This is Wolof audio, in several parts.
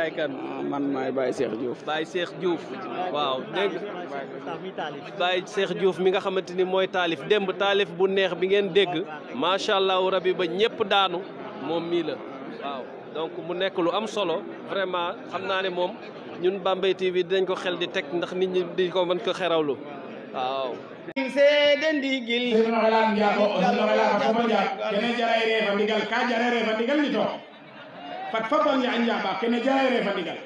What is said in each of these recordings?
yaay kan man maay Baye Cheikh Diouf. Baye Cheikh Diouf waaw dégg Baye Cheikh Diouf mi nga xamante ni mooy taalif démb taalif bu neex bi ngeen dégg macha allah rabi ba ñëpp daanu moom mii la waaw donc mu nekk lu am solo vraiment xam naa ne moom ñun Bambey TV dañ ko xel di teg ndax nit ñi di ko mën ko xerawlu waaw. fat fa bange a njaɓa kene jayere fa ndigal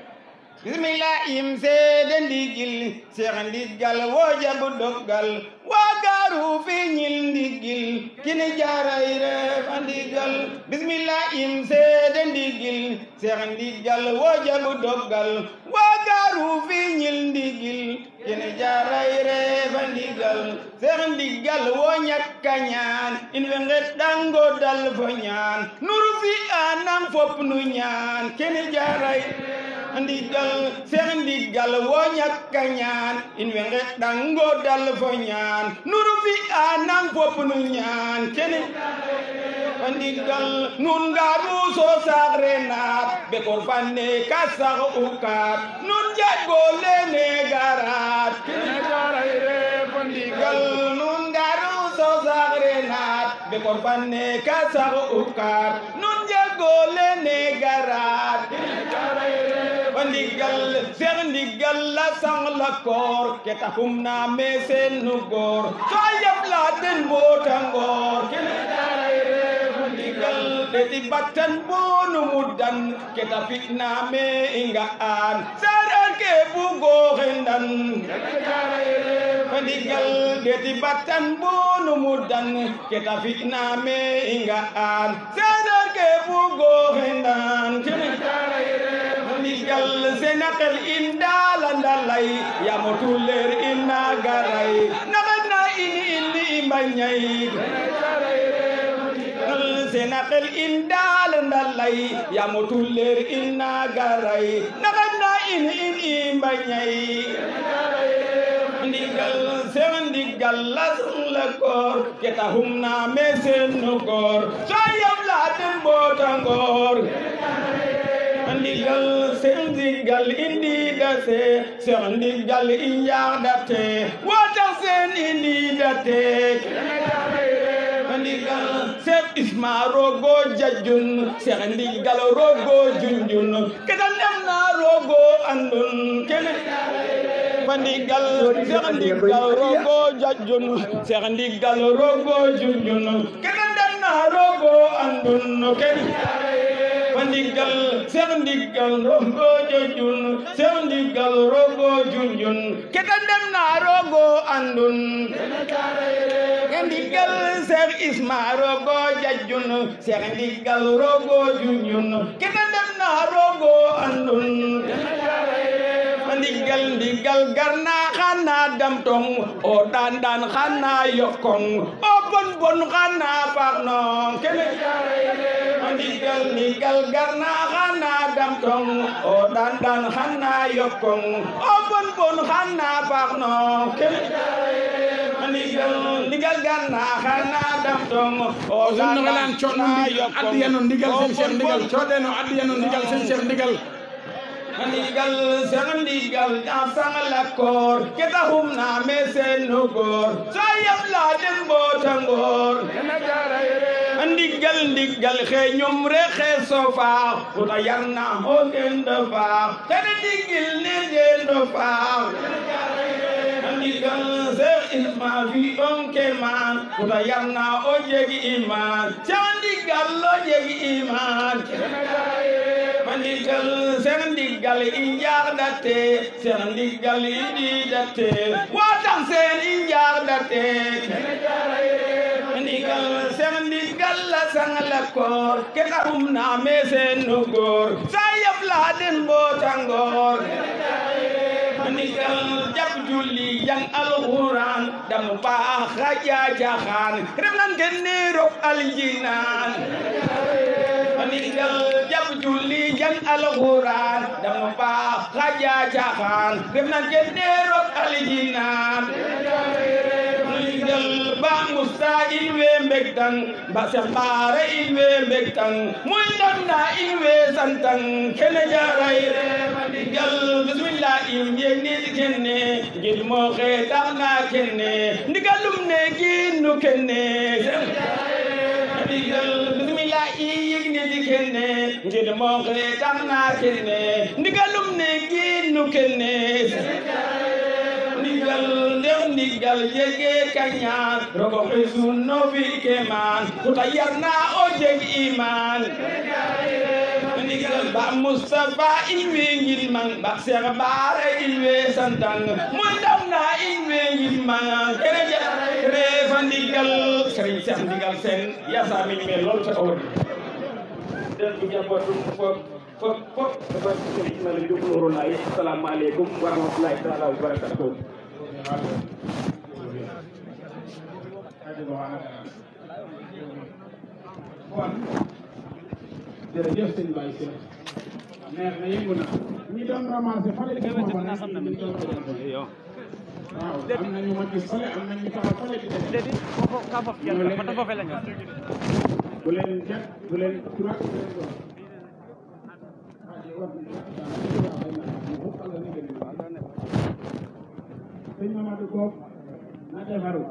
bismilla im seede ndigil seex ndiggal wo jabu doggal wagaru feñil ndigil kene jarayre fa ndigal bismilla im seede ndigil seex ndiggal wo jabu doggal wagaru feñil fexen di gal wo ñakka ñaan in we ngeɗɗango dal fo ñaan nuru fi anan fop nu ñaan kene jaray ndigal fexen ndigal wo ñakka ñaan in we ngeɗɗango dal fo ñaan nuru fi anan fop nu ñaan kene ndigal nun ngaru so sagre naat bekor fanne ka sax u kaat nun jagolene garaat kene jaray المنكر صغرنا بقربانك سغوكار ننجاقول نيقرار ndigal seex ndigal la sang la koor ke taxum naa mee seen nu góor soo yab laa den mboota ngoor ndigal de ti battan boonu mu dan ke ta fit naa mee i nga aan seereer ke bu digal geti battan bo no murdan keta fitna me inga an sada ke fugo hendan digal indah landalai ya motuler inna garai nakana ini ini imanyai senakal indalandalai ya motuler inna garai nagana ini ini banyak diggal seen diggal lasum la koor keta hum naa mee nu koor soo yab laa den boota ngoor diggal seen diggal indi date seen diggal injaar date waata seen indi date ndigal seex isma rogo jajjun seex ndigal rogo junjun keta dem naa rogo andun kene ndigal seex ndigal rogo jajjun seex ndigal rogo junjun kene danna rogo andun ken ndigal seex ndigal rogo jajjun seex ndigal rogo junjun kene danna rogo andun ndigal seex isma rogo jajjun seex ndigal rogo junjun kene danna rogo andun ndiggal ndiggal garna xana dam tong o dan dan xana yokkong o bon bon xana faax non kene ndiggal ndiggal garna xana dam tong o dan dan xana yokkong o bon bon xana faax non kene ndigal ganna xana dam tong o dan dan xana yokkong o bon bon xana faax non kene ndigal ganna xana dam tong o dan dan xana yokkong o bon bon xana faax non kene ndigal ganna xana dam tong o dan dan xana yokkong o bon bon xana faax non kene ndigal ganna xana dam tong o dan dan xana yokkong o bon bon xana faax non kene ndigal ganna xana dam tong o dan dan xana yokkong o bon bon xana faax non kene ndigal ganna xana dam tong o dan dan xana yokkong o bon bon xana faax non kene ndigal ganna xana dam tong o dan dan xana yokkong o bon bon xana faax non kene ndigal ganna xana dam tong o dan dan xana yokkong o bon bon xana faax non kene ndigal ganna xana dam tong o dan dan xana yokkong o bon bon xana faax non kene ndigal ganna xana dam tong o dan dan xana yokkong o bon bon xana faax non kene ndigal ganna xana dam tong o dan dan xana yokkong o bon bon xana faax non kene ndigal ganna xana dam tong o dan dan xana yokkong o bon bon xana faax non kene ndigal ganna xana dam tong o dan dan xana yokkong o bon bon xana faax non kene ndigal ganna xana dam tong o dan dan xana yokkong ndigal seen ndigal daa sang lakkoor ke taxum naa mee seen nu góor soo yab laa dem boota ngóor ndigal ndigal xee ñoom rek xee yar naa moo ngeen do faax te ne ndigil ne ngeen do faax ndigal se ilma fi yarna o jegi iman Chandi gallo jegi iman ndigal seen ndigal i njaar date seen ndigal i di date waa tax seen date ndigal seen ndigal la sang la koor ke xarum naa mee seen nu góor saa yëpp laa den boo tàngoor ndigal jàpp julli jàng alxuraan damu baax xajaa jaxaan ref nan ke neerop famille del jàpp julli jàng alxuraan dama baax xaja caaxaan dem nan ke neeroog alijinaan famille del ba ngusta in we mbeg ba sembaare in we mbeg tang muy tan na in we santang kene jaray famille del bismillah in yeg kenne ngir moo xee tax kenne ndigalum ne gi kenne kinne ngir moom reetam naa kinne ndigalum ne giinu kinne ndigal ndew ndigal yege kañaan rogo xesun no fi kemaan kuta yar naa o jeg imaan ndigal ba Mustafa in we ngil man ba Seex Baara in we santang mu ndam naa in we man kene ja reefa ndigal Sëriñ Seex ndigal seen yaasa min me lool ta def bu jàppatu foofu foofu foofu dafa sëriñ na la jóglooro laay asalaamaaleykum wa rahmatulahi taala wa barakatuh jërëjëf sëñ Baye Sy neex na yëngu na ñi doon ramassé fale di ko wane ñu doon waaw am na ñu ma gis fale am na ñu taxaw fale di def bu leen jàpp bu leen turak bu leen doon sëñ Mamadou Bopp na defaru